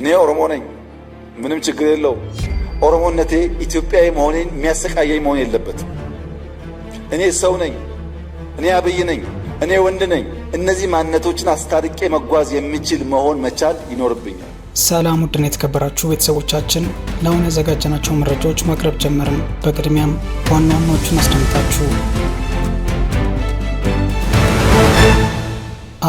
እኔ ኦሮሞ ነኝ፣ ምንም ችግር የለው። ኦሮሞነቴ ኢትዮጵያዊ መሆኔን የሚያሰቃየኝ መሆን የለበትም። እኔ ሰው ነኝ፣ እኔ አብይ ነኝ፣ እኔ ወንድ ነኝ። እነዚህ ማንነቶችን አስታርቄ መጓዝ የምችል መሆን መቻል ይኖርብኛል። ሰላም ውድን የተከበራችሁ ቤተሰቦቻችን ለአሁን ያዘጋጀናቸው መረጃዎች ማቅረብ ጀመርን። በቅድሚያም ዋና ዋናዎቹን አስደምጣችሁ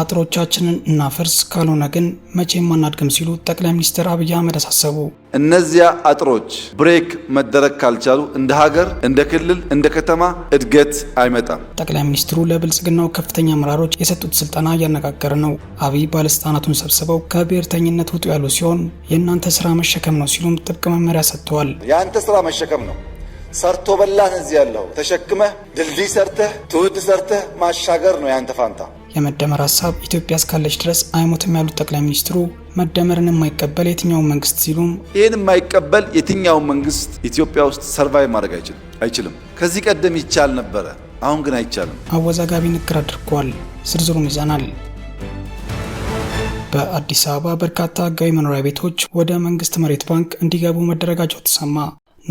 አጥሮቻችንን እናፈርስ፣ ካልሆነ ግን መቼም አናድግም ሲሉ ጠቅላይ ሚኒስትር አብይ አህመድ አሳሰቡ። እነዚያ አጥሮች ብሬክ መደረግ ካልቻሉ እንደ ሀገር፣ እንደ ክልል፣ እንደ ከተማ እድገት አይመጣም። ጠቅላይ ሚኒስትሩ ለብልጽግናው ከፍተኛ አመራሮች የሰጡት ስልጠና እያነጋገረ ነው። አብይ ባለስልጣናቱን ሰብስበው ከብሔርተኝነት ውጡ ያሉ ሲሆን የእናንተ ስራ መሸከም ነው ሲሉም ጥብቅ መመሪያ ሰጥተዋል። የአንተ ስራ መሸከም ነው ሰርቶ በላን እዚህ ያለው ተሸክመህ ድልድይ ሰርተህ ትውልድ ሰርተህ ማሻገር ነው ያንተ ፋንታ። የመደመር ሀሳብ ኢትዮጵያ እስካለች ድረስ አይሞትም ያሉት ጠቅላይ ሚኒስትሩ መደመርን የማይቀበል የትኛውን መንግስት ሲሉም ይህን የማይቀበል የትኛውን መንግስት ኢትዮጵያ ውስጥ ሰርቫይ ማድረግ አይችልም። ከዚህ ቀደም ይቻል ነበረ፣ አሁን ግን አይቻልም። አወዛጋቢ ንግግር አድርጓል። ዝርዝሩን ይዘናል። በአዲስ አበባ በርካታ ህጋዊ መኖሪያ ቤቶች ወደ መንግስት መሬት ባንክ እንዲገቡ መደረጋቸው ተሰማ።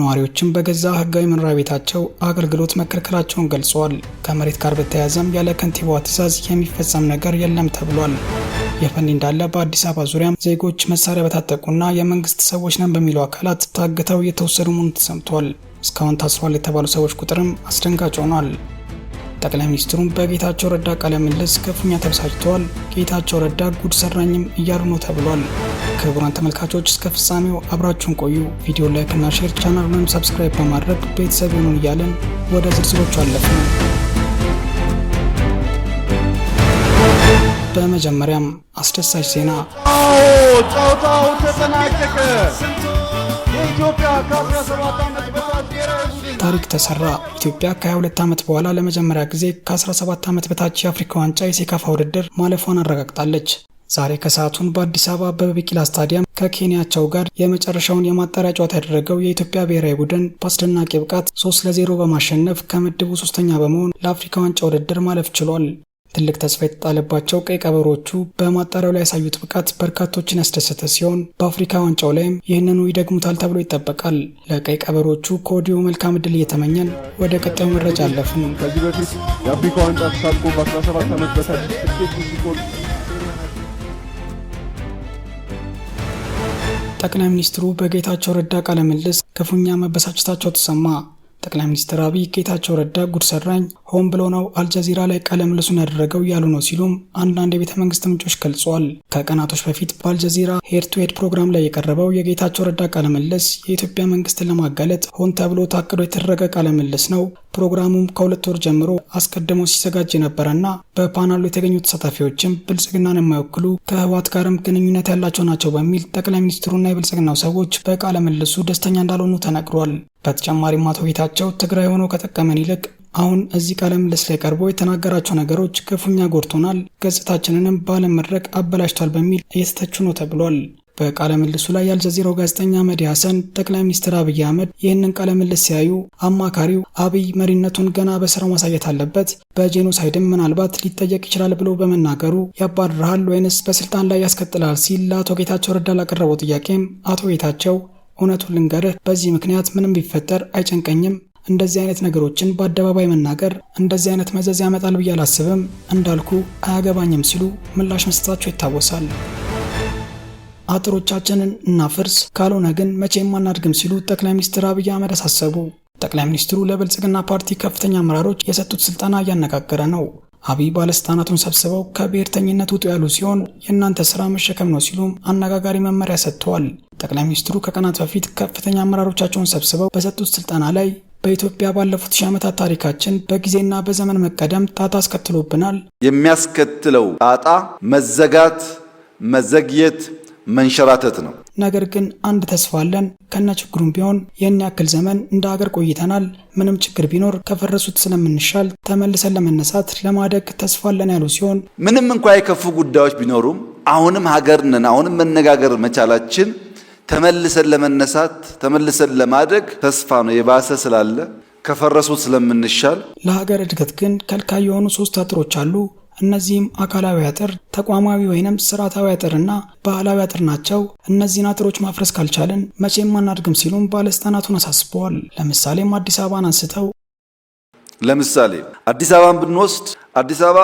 ነዋሪዎችም በገዛ ህጋዊ መኖሪያ ቤታቸው አገልግሎት መከልከላቸውን ገልጸዋል። ከመሬት ጋር በተያያዘም ያለ ከንቲባዋ ትዕዛዝ የሚፈጸም ነገር የለም ተብሏል። የፈኒ እንዳለ በአዲስ አበባ ዙሪያ ዜጎች መሳሪያ በታጠቁና የመንግስት ሰዎች ነን በሚሉ አካላት ታግተው እየተወሰዱ መሆኑ ተሰምቷል። እስካሁን ታስሯል የተባሉ ሰዎች ቁጥርም አስደንጋጭ ሆኗል። ጠቅላይ ሚኒስትሩም በጌታቸው ረዳ ቃለ ምልልስ ክፉኛ ተበሳጭተዋል። ጌታቸው ረዳ ጉድ ሰራኝም እያሉ ነው ተብሏል። ክቡራን ተመልካቾች እስከ ፍጻሜው አብራችሁን ቆዩ። ቪዲዮ ላይክ እና ሼር፣ ቻናሉንም ሰብስክራይብ በማድረግ ቤተሰብ ይሁኑን እያለን ወደ ዝርዝሮቹ አለፍን። በመጀመሪያም አስደሳች ዜና ጨዋታው ተጠናቀቀ። ታሪክ ተሰራ። ኢትዮጵያ ከ22 ዓመት በኋላ ለመጀመሪያ ጊዜ ከ17 ዓመት በታች የአፍሪካ ዋንጫ የሴካፋ ውድድር ማለፏን አረጋግጣለች። ዛሬ ከሰዓቱን በአዲስ አበባ አበበ ቢቂላ ስታዲየም ከኬንያቸው ጋር የመጨረሻውን የማጣሪያ ጨዋታ ያደረገው የኢትዮጵያ ብሔራዊ ቡድን በአስደናቂ ብቃት ሶስት ለዜሮ በማሸነፍ ከምድቡ ሶስተኛ በመሆን ለአፍሪካ ዋንጫ ውድድር ማለፍ ችሏል። ትልቅ ተስፋ የተጣለባቸው ቀይ ቀበሮቹ በማጣሪያው ላይ ያሳዩት ብቃት በርካቶችን ያስደሰተ ሲሆን በአፍሪካ ዋንጫው ላይም ይህንኑ ይደግሙታል ተብሎ ይጠበቃል። ለቀይ ቀበሮቹ ከወዲሁ መልካም ዕድል እየተመኘን ወደ ቀጣዩ መረጃ አለፍን። ከዚህ በፊት የአፍሪካ ዋንጫ ተሳትፎ በ17 ዓመት በታች ስኬት ሲሆን ጠቅላይ ሚኒስትሩ በጌታቸው ረዳ ቃለ ምልልስ ክፉኛ መበሳጨታቸው ተሰማ። ጠቅላይ ሚኒስትር አብይ ጌታቸው ረዳ ጉድ ሰራኝ፣ ሆን ብሎ ነው አልጀዚራ ላይ ቃለ ምልልሱን ያደረገው ያሉ ነው ሲሉም አንዳንድ የቤተ መንግስት ምንጮች ገልጿል። ከቀናቶች በፊት በአልጀዚራ ሄድ ቱ ሄድ ፕሮግራም ላይ የቀረበው የጌታቸው ረዳ ቃለ ምልልስ የኢትዮጵያ መንግስትን ለማጋለጥ ሆን ተብሎ ታቅዶ የተደረገ ቃለ ምልልስ ነው፣ ፕሮግራሙም ከሁለት ወር ጀምሮ አስቀድሞ ሲዘጋጅ የነበረና በፓናሉ የተገኙ ተሳታፊዎችም ብልጽግናን የማይወክሉ ከህወሓት ጋርም ግንኙነት ያላቸው ናቸው በሚል ጠቅላይ ሚኒስትሩና የብልጽግናው ሰዎች በቃለ ምልሱ ደስተኛ እንዳልሆኑ ተነግሯል። በተጨማሪም አቶ ጌታቸው ትግራይ ሆኖ ከጠቀመን ይልቅ አሁን እዚህ ቃለ ምልልስ ላይ ቀርቦ የተናገራቸው ነገሮች ክፉኛ ጎድቶናል፣ ገጽታችንንም ባለመድረክ አበላሽቷል በሚል እየተተቹ ነው ተብሏል። በቃለ ምልሱ ላይ የአልጀዚራው ጋዜጠኛ መዲ ሀሰን ጠቅላይ ሚኒስትር አብይ አህመድ ይህንን ቃለ ምልስ ሲያዩ አማካሪው አብይ መሪነቱን ገና በስራው ማሳየት አለበት፣ በጄኖሳይድም ምናልባት ሊጠየቅ ይችላል ብሎ በመናገሩ ያባርሃል ወይንስ በስልጣን ላይ ያስቀጥላል ሲል ለአቶ ጌታቸው ረዳ ላቀረበው ጥያቄም አቶ ጌታቸው እውነቱን ልንገርህ፣ በዚህ ምክንያት ምንም ቢፈጠር አይጨንቀኝም። እንደዚህ አይነት ነገሮችን በአደባባይ መናገር እንደዚህ አይነት መዘዝ ያመጣል ብዬ አላስብም። እንዳልኩ አያገባኝም ሲሉ ምላሽ መስጠታቸው ይታወሳል። አጥሮቻችንን እናፍርስ፣ ካልሆነ ግን መቼም አናድግም ሲሉ ጠቅላይ ሚኒስትር አብይ አህመድ አሳሰቡ። ጠቅላይ ሚኒስትሩ ለብልጽግና ፓርቲ ከፍተኛ አመራሮች የሰጡት ስልጠና እያነጋገረ ነው። አብይ ባለስልጣናቱን ሰብስበው ከብሔርተኝነት ውጡ ያሉ ሲሆን የእናንተ ስራ መሸከም ነው ሲሉም አነጋጋሪ መመሪያ ሰጥተዋል። ጠቅላይ ሚኒስትሩ ከቀናት በፊት ከፍተኛ አመራሮቻቸውን ሰብስበው በሰጡት ስልጠና ላይ በኢትዮጵያ ባለፉት ሺህ ዓመታት ታሪካችን በጊዜና በዘመን መቀደም ጣጣ አስከትሎብናል። የሚያስከትለው ጣጣ መዘጋት፣ መዘግየት መንሸራተት ነው። ነገር ግን አንድ ተስፋ አለን። ከነ ችግሩም ቢሆን ይህን ያክል ዘመን እንደ ሀገር ቆይተናል። ምንም ችግር ቢኖር ከፈረሱት ስለምንሻል ተመልሰን ለመነሳት ለማደግ ተስፋ አለን ያሉ ሲሆን ምንም እንኳ የከፉ ጉዳዮች ቢኖሩም አሁንም ሀገር ነን፣ አሁንም መነጋገር መቻላችን ተመልሰን ለመነሳት ተመልሰን ለማደግ ተስፋ ነው። የባሰ ስላለ ከፈረሱት ስለምንሻል ለሀገር እድገት ግን ከልካይ የሆኑ ሶስት አጥሮች አሉ። እነዚህም አካላዊ አጥር፣ ተቋማዊ ወይንም ስርዓታዊ አጥርና ባህላዊ አጥር ናቸው። እነዚህን አጥሮች ማፍረስ ካልቻልን መቼም አናድግም ሲሉም ባለስልጣናቱን አሳስበዋል። ለምሳሌም አዲስ አበባን አንስተው ለምሳሌ አዲስ አበባን ብንወስድ አዲስ አበባ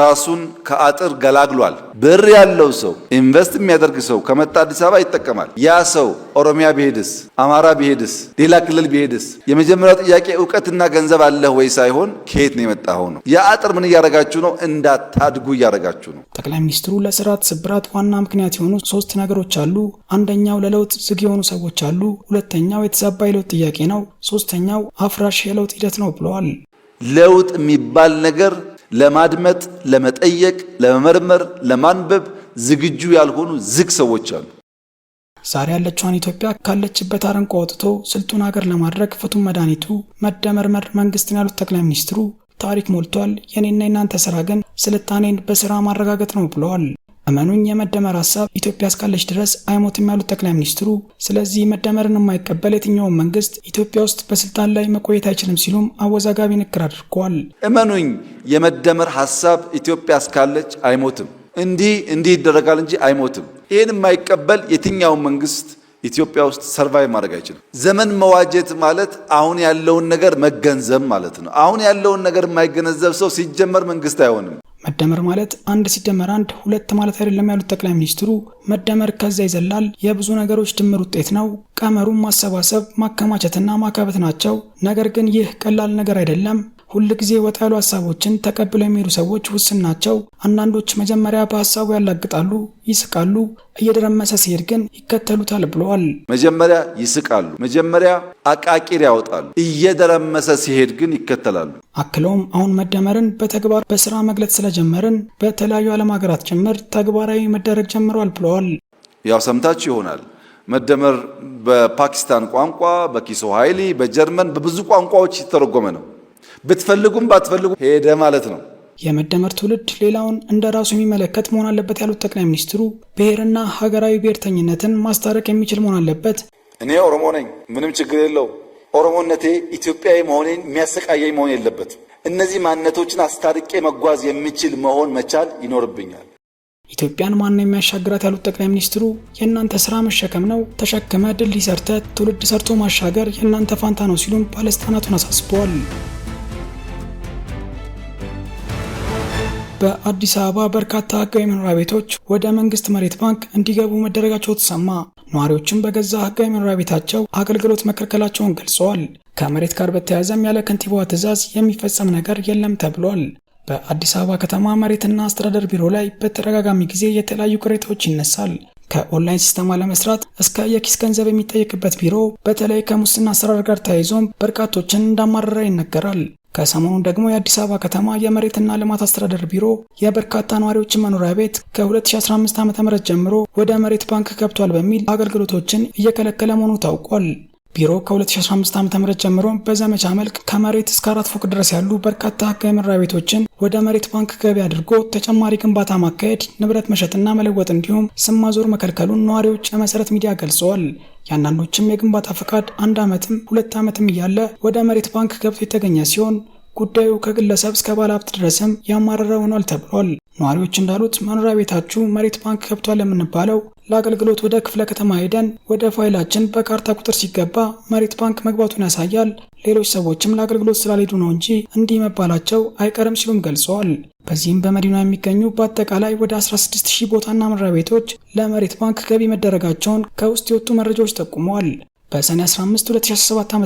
ራሱን ከአጥር ገላግሏል። ብር ያለው ሰው ኢንቨስት የሚያደርግ ሰው ከመጣ አዲስ አበባ ይጠቀማል። ያ ሰው ኦሮሚያ ቢሄድስ፣ አማራ ቢሄድስ፣ ሌላ ክልል ቢሄድስ የመጀመሪያው ጥያቄ እውቀትና ገንዘብ አለህ ወይ ሳይሆን ከየት ነው የመጣኸው ነው። የአጥር ምን እያደረጋችሁ ነው? እንዳታድጉ እያደረጋችሁ ነው። ጠቅላይ ሚኒስትሩ ለስርዓት ስብራት ዋና ምክንያት የሆኑ ሶስት ነገሮች አሉ። አንደኛው ለለውጥ ዝግ የሆኑ ሰዎች አሉ። ሁለተኛው የተዛባ የለውጥ ጥያቄ ነው። ሶስተኛው አፍራሽ የለውጥ ሂደት ነው ብለዋል። ለውጥ የሚባል ነገር ለማድመጥ፣ ለመጠየቅ፣ ለመመርመር፣ ለማንበብ ዝግጁ ያልሆኑ ዝግ ሰዎች አሉ። ዛሬ ያለችዋን ኢትዮጵያ ካለችበት አረንቋ ወጥቶ ስልጡን ሀገር ለማድረግ ፍቱን መድኃኒቱ መደመርመር መንግስትን ያሉት ጠቅላይ ሚኒስትሩ ታሪክ ሞልቷል፣ የኔና የናንተ ስራ ግን ስልጣኔን በስራ ማረጋገጥ ነው ብለዋል። እመኑኝ የመደመር ሀሳብ ኢትዮጵያ እስካለች ድረስ አይሞትም ያሉት ጠቅላይ ሚኒስትሩ፣ ስለዚህ መደመርን የማይቀበል የትኛውም መንግስት ኢትዮጵያ ውስጥ በስልጣን ላይ መቆየት አይችልም ሲሉም አወዛጋቢ ንግግር አድርገዋል። እመኑኝ የመደመር ሀሳብ ኢትዮጵያ እስካለች አይሞትም፣ እንዲህ እንዲህ ይደረጋል እንጂ አይሞትም። ይህን የማይቀበል የትኛውም መንግስት ኢትዮጵያ ውስጥ ሰርቫይቭ ማድረግ አይችልም። ዘመን መዋጀት ማለት አሁን ያለውን ነገር መገንዘብ ማለት ነው። አሁን ያለውን ነገር የማይገነዘብ ሰው ሲጀመር መንግስት አይሆንም። መደመር ማለት አንድ ሲደመር አንድ ሁለት ማለት አይደለም ያሉት ጠቅላይ ሚኒስትሩ መደመር ከዛ ይዘላል፣ የብዙ ነገሮች ድምር ውጤት ነው። ቀመሩን ማሰባሰብ ማከማቸትና ማካበት ናቸው። ነገር ግን ይህ ቀላል ነገር አይደለም። ሁልጊዜ ወጣ ያሉ ሀሳቦችን ተቀብለው የሚሄዱ ሰዎች ውስን ናቸው። አንዳንዶች መጀመሪያ በሀሳቡ ያላግጣሉ፣ ይስቃሉ፣ እየደረመሰ ሲሄድ ግን ይከተሉታል ብለዋል። መጀመሪያ ይስቃሉ፣ መጀመሪያ አቃቂር ያወጣሉ፣ እየደረመሰ ሲሄድ ግን ይከተላሉ። አክለውም አሁን መደመርን በተግባር በስራ መግለጽ ስለጀመርን በተለያዩ ዓለም ሀገራት ጭምር ተግባራዊ መደረግ ጀምረዋል ብለዋል። ያው ሰምታችሁ ይሆናል መደመር በፓኪስታን ቋንቋ፣ በኪሶ ኃይሊ፣ በጀርመን በብዙ ቋንቋዎች የተተረጎመ ነው። ብትፈልጉም ባትፈልጉ ሄደ ማለት ነው። የመደመር ትውልድ ሌላውን እንደ ራሱ የሚመለከት መሆን አለበት ያሉት ጠቅላይ ሚኒስትሩ ብሔርና ሀገራዊ ብሔርተኝነትን ማስታረቅ የሚችል መሆን አለበት። እኔ ኦሮሞ ነኝ፣ ምንም ችግር የለው። ኦሮሞነቴ ኢትዮጵያዊ መሆኔን የሚያሰቃየኝ መሆን የለበት እነዚህ ማንነቶችን አስታርቄ መጓዝ የሚችል መሆን መቻል ይኖርብኛል። ኢትዮጵያን ማን የሚያሻግራት ያሉት ጠቅላይ ሚኒስትሩ የእናንተ ስራ መሸከም ነው፣ ተሸክመ ድልድይ ሰርተ ትውልድ ሰርቶ ማሻገር የእናንተ ፋንታ ነው ሲሉም ባለስልጣናቱን አሳስበዋል። በአዲስ አበባ በርካታ ህጋዊ መኖሪያ ቤቶች ወደ መንግስት መሬት ባንክ እንዲገቡ መደረጋቸው ተሰማ። ነዋሪዎችም በገዛ ህጋዊ መኖሪያ ቤታቸው አገልግሎት መከልከላቸውን ገልጸዋል። ከመሬት ጋር በተያያዘም ያለ ከንቲባዋ ትዕዛዝ የሚፈጸም ነገር የለም ተብሏል። በአዲስ አበባ ከተማ መሬትና አስተዳደር ቢሮ ላይ በተደጋጋሚ ጊዜ የተለያዩ ቅሬታዎች ይነሳል። ከኦንላይን ሲስተም አለመስራት እስከ የኪስ ገንዘብ የሚጠየቅበት ቢሮ በተለይ ከሙስና አሰራር ጋር ተያይዞም በርካቶችን እንዳማረረ ይነገራል። ከሰሞኑን ደግሞ የአዲስ አበባ ከተማ የመሬትና ልማት አስተዳደር ቢሮ የበርካታ ነዋሪዎችን መኖሪያ ቤት ከ2015 ዓ ም ጀምሮ ወደ መሬት ባንክ ገብቷል በሚል አገልግሎቶችን እየከለከለ መሆኑ ታውቋል። ቢሮ ከ2015 ዓ ም ጀምሮ በዘመቻ መልክ ከመሬት እስከ አራት ፎቅ ድረስ ያሉ በርካታ ህጋዊ መኖሪያ ቤቶችን ወደ መሬት ባንክ ገቢ አድርጎ ተጨማሪ ግንባታ ማካሄድ፣ ንብረት መሸጥና መለወጥ እንዲሁም ስም ማዞር መከልከሉን ነዋሪዎች ለመሰረት ሚዲያ ገልጸዋል። የአንዳንዶችም የግንባታ ፈቃድ አንድ ዓመትም ሁለት ዓመትም እያለ ወደ መሬት ባንክ ገብቶ የተገኘ ሲሆን ጉዳዩ ከግለሰብ እስከ ባለሀብት ድረስም ያማረረ ሆኗል ተብሏል። ነዋሪዎች እንዳሉት መኖሪያ ቤታችሁ መሬት ባንክ ገብቷል የምንባለው ለአገልግሎት ወደ ክፍለ ከተማ ሄደን ወደ ፋይላችን በካርታ ቁጥር ሲገባ መሬት ባንክ መግባቱን ያሳያል። ሌሎች ሰዎችም ለአገልግሎት ስላልሄዱ ነው እንጂ እንዲህ መባላቸው አይቀርም ሲሉም ገልጸዋል። በዚህም በመዲና የሚገኙ በአጠቃላይ ወደ 16 ሺህ ቦታና መኖሪያ ቤቶች ለመሬት ባንክ ገቢ መደረጋቸውን ከውስጥ የወጡ መረጃዎች ጠቁመዋል። በሰኔ 15 2017 ዓ.ም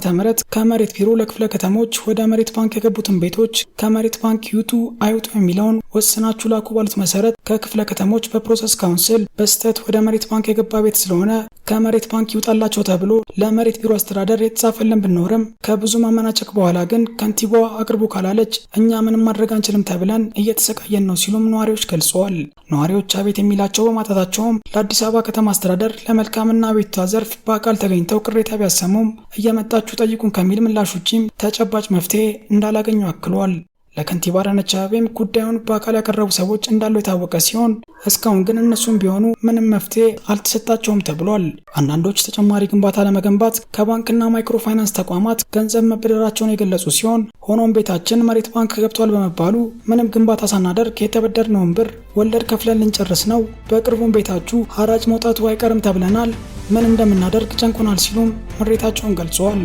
ከመሬት ቢሮ ለክፍለ ከተሞች ወደ መሬት ባንክ የገቡትን ቤቶች ከመሬት ባንክ ይውጡ አይውጡ የሚለውን ወስናችሁ ላኩ ባሉት መሰረት ከክፍለ ከተሞች በፕሮሰስ ካውንስል በስተት ወደ መሬት ባንክ የገባ ቤት ስለሆነ ከመሬት ባንክ ይውጣላቸው ተብሎ ለመሬት ቢሮ አስተዳደር የተጻፈልን ብንኖርም ከብዙ ማመናጨቅ በኋላ ግን ከንቲባዋ አቅርቡ ካላለች እኛ ምንም ማድረግ አንችልም ተብለን እየተሰቃየን ነው ሲሉም ነዋሪዎች ገልጸዋል። ነዋሪዎች አቤት የሚላቸው በማጣታቸውም ለአዲስ አበባ ከተማ አስተዳደር ለመልካምና ቤቷ ዘርፍ በአካል ተገኝተው ቅሬ ቅሬታ ቢያሰሙም እየመጣችሁ ጠይቁን ከሚል ምላሽ ውጪም ተጨባጭ መፍትሄ እንዳላገኙ አክሏል። ለከንቲባ አዳነች አቤቤም ጉዳዩን በአካል ያቀረቡ ሰዎች እንዳሉ የታወቀ ሲሆን እስካሁን ግን እነሱም ቢሆኑ ምንም መፍትሄ አልተሰጣቸውም ተብሏል። አንዳንዶች ተጨማሪ ግንባታ ለመገንባት ከባንክና ማይክሮ ፋይናንስ ተቋማት ገንዘብ መበደራቸውን የገለጹ ሲሆን ሆኖም ቤታችን መሬት ባንክ ገብቷል በመባሉ ምንም ግንባታ ሳናደርግ የተበደርነውን ብር ወለድ ከፍለን ልንጨርስ ነው፣ በቅርቡም ቤታችሁ ሐራጅ መውጣቱ አይቀርም ተብለናል ምን እንደምናደርግ ጨንቁናል ሲሉም ምሬታቸውን ገልጸዋል።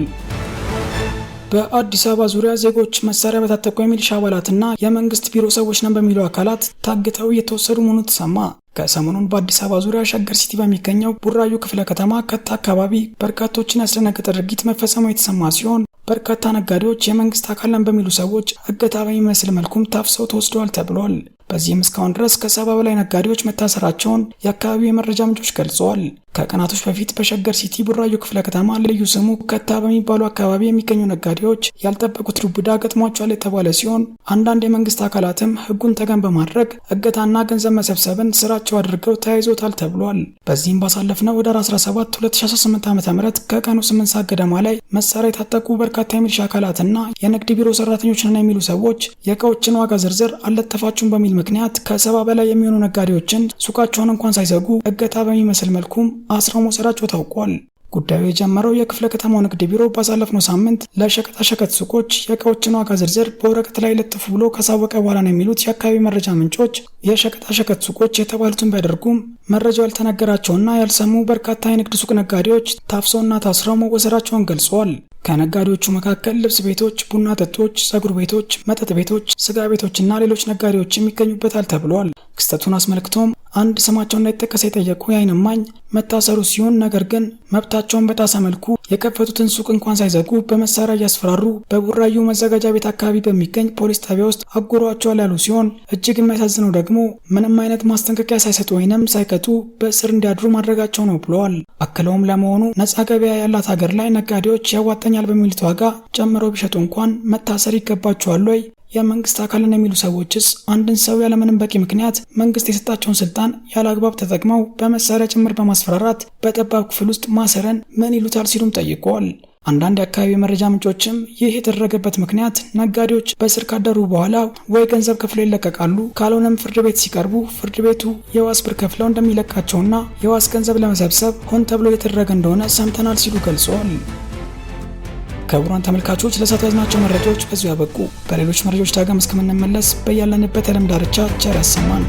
በአዲስ አበባ ዙሪያ ዜጎች መሳሪያ በታጠቁ የሚሊሻ አባላትና የመንግስት ቢሮ ሰዎች ነን በሚሉ አካላት ታግተው እየተወሰዱ መሆኑ ተሰማ። ከሰሞኑን በአዲስ አበባ ዙሪያ ሸገር ሲቲ በሚገኘው ቡራዩ ክፍለ ከተማ ከታ አካባቢ በርካቶችን ያስደነገጠ ድርጊት መፈጸሙ የተሰማ ሲሆን በርካታ ነጋዴዎች የመንግስት አካል ነን በሚሉ ሰዎች እገታ በሚመስል መልኩም ታፍሰው ተወስደዋል ተብሏል። በዚህም እስካሁን ድረስ ከሰባ በላይ ነጋዴዎች መታሰራቸውን የአካባቢው የመረጃ ምንጮች ገልጸዋል። ከቀናቶች በፊት በሸገር ሲቲ ቡራዩ ክፍለ ከተማ ልዩ ስሙ ከታ በሚባሉ አካባቢ የሚገኙ ነጋዴዎች ያልጠበቁት ዱብዳ ገጥሟቸዋል የተባለ ሲሆን አንዳንድ የመንግስት አካላትም ህጉን ተገን በማድረግ እገታና ገንዘብ መሰብሰብን ስራቸው አድርገው ተያይዞታል ተብሏል። በዚህም ባሳለፍነው ወደ 17 2018 ዓ ም ከቀኑ 8 ሰዓት ገደማ ላይ መሳሪያ የታጠቁ በርካታ የሚሊሻ አካላትና የንግድ ቢሮ ሰራተኞችንና የሚሉ ሰዎች የእቃዎችን ዋጋ ዝርዝር አልለጠፋችሁም በሚል ምክንያት ከሰባ በላይ የሚሆኑ ነጋዴዎችን ሱቃቸውን እንኳን ሳይዘጉ እገታ በሚመስል መልኩም አስረው መውሰዳቸው ታውቋል። ጉዳዩ የጀመረው የክፍለ ከተማው ንግድ ቢሮ ባሳለፍነው ሳምንት ለሸቀጣሸቀጥ ሱቆች የእቃዎችን ዋጋ ዝርዝር በወረቀት ላይ ለጥፉ ብሎ ካሳወቀ በኋላ ነው የሚሉት የአካባቢ መረጃ ምንጮች፣ የሸቀጣሸቀጥ ሱቆች የተባሉትን ቢያደርጉም መረጃው ያልተነገራቸውና ያልሰሙ በርካታ የንግድ ሱቅ ነጋዴዎች ታፍሰውና ታስረው መወሰዳቸውን ገልጸዋል። ከነጋዴዎቹ መካከል ልብስ ቤቶች፣ ቡና ጠጦች፣ ጸጉር ቤቶች፣ መጠጥ ቤቶች፣ ስጋ ቤቶችና ሌሎች ነጋዴዎችም ይገኙበታል ተብሏል። ክስተቱን አስመልክቶም አንድ ስማቸው እንዳይጠቀስ የጠየቁ የዓይን እማኝ መታሰሩ ሲሆን ነገር ግን መብታቸውን በጣሰ መልኩ የከፈቱትን ሱቅ እንኳን ሳይዘጉ በመሳሪያ እያስፈራሩ በቡራዩ መዘጋጃ ቤት አካባቢ በሚገኝ ፖሊስ ጣቢያ ውስጥ አጉረዋቸዋል ያሉ ሲሆን እጅግ የሚያሳዝነው ደግሞ ምንም አይነት ማስጠንቀቂያ ሳይሰጡ ወይንም ሳይቀጡ በእስር እንዲያድሩ ማድረጋቸው ነው ብለዋል። አክለውም ለመሆኑ ነፃ ገበያ ያላት ሀገር ላይ ነጋዴዎች ያዋጠኛል በሚሉት ዋጋ ጨምረው ቢሸጡ እንኳን መታሰር ይገባቸዋል ወይ? የመንግስት አካል የሚሉ ሰዎችስ አንድን ሰው ያለምንም በቂ ምክንያት መንግስት የሰጣቸውን ስልጣን ያለ አግባብ ተጠቅመው በመሳሪያ ጭምር በማስፈራራት በጠባብ ክፍል ውስጥ ማሰረን ምን ይሉታል ሲሉም ጠይቀዋል። አንዳንድ የአካባቢ የመረጃ ምንጮችም ይህ የተደረገበት ምክንያት ነጋዴዎች በስር ካደሩ በኋላ ወይ ገንዘብ ከፍለው ይለቀቃሉ፣ ካልሆነም ፍርድ ቤት ሲቀርቡ ፍርድ ቤቱ የዋስ ብር ከፍለው እንደሚለቃቸውና የዋስ ገንዘብ ለመሰብሰብ ሆን ተብሎ የተደረገ እንደሆነ ሰምተናል ሲሉ ገልጸዋል። ክቡራን ተመልካቾች ለሰዓቱ ያዝናቸው መረጃዎች በዚሁ ያበቁ። በሌሎች መረጃዎች ዳግም እስከምንመለስ በያለንበት የዓለም ዳርቻ ቸር ያሰማን።